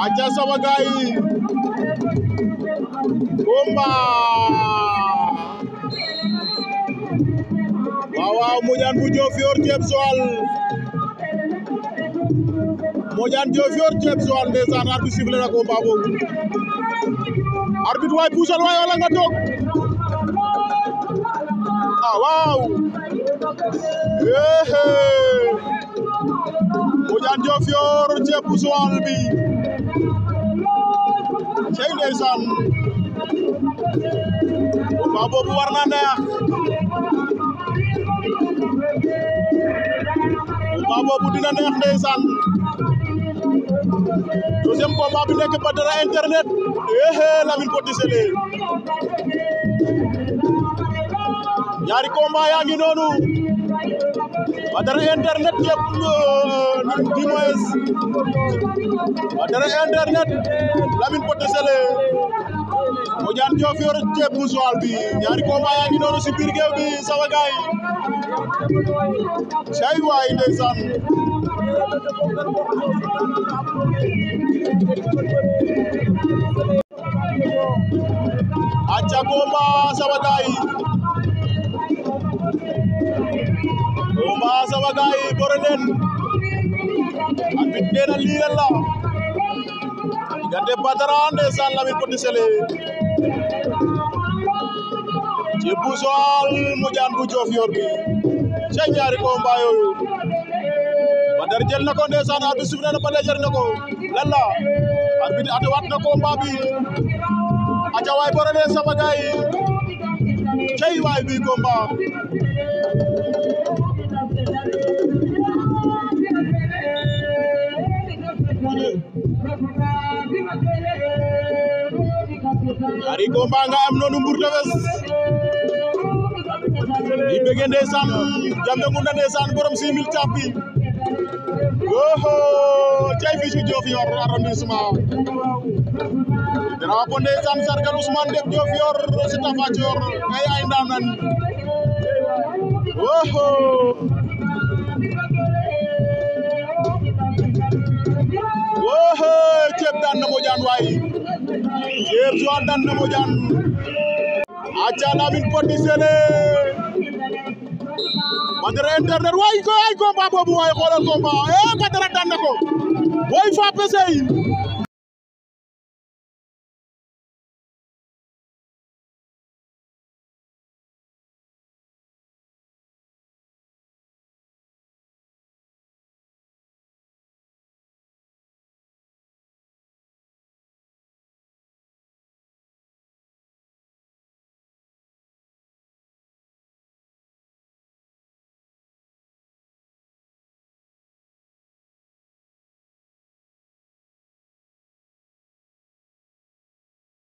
aca sama gaay yi bomba waaw waaw Modiane bu Diofior Thieb Joal Modiane Diofior Thieb Joal ndeysaan arbitre sifflé na combat boobu arbitre waay puusal waay wala nga toog ah waaw Ujan Jofior ceeb Albi Joal bi cey ndeysaan combat boobu bu na neex combat boobu dina neex ndeysaan deuxième combat bi nekk Badara internet ehe Lamine Petit Sélé Yari combat yang ngi waa dara internet yëpp du moins waa dara internet Lamine Poté Sélé Bodiane Diofior ceeb bu Joal bi ñaari combat yaa ngi noonu si biir géew bi sama gaay cay waay ndeysaan acca wala déet arbitre nee na lii lan la diggante Badara ndeysaan Lamin Petit Sélé ci bu Joal Modiane bu Diofior bi ca ñaari combat yooyu na na Badara jël na ko lan la arbitre na combat bi aca waay borale cey waay bi combat Ari combat nga am noonu Di Tefess di jam ndeysaan Jambacounda ndeysaan borom 6000 càpp yi woho cay fii ci Diouf yor arrondissement drapeau ndeysaan sargal Ousmane Deb Diouf yor si Tafa Dior ngay ay ndaanan woho moƴƴani no moƴƴani wayi yertu addan no moƴƴani accanamin poɗɗi sene badara internet wayi ko ay combat bobu wayi xoolal combat e badara danna ko way fa pesey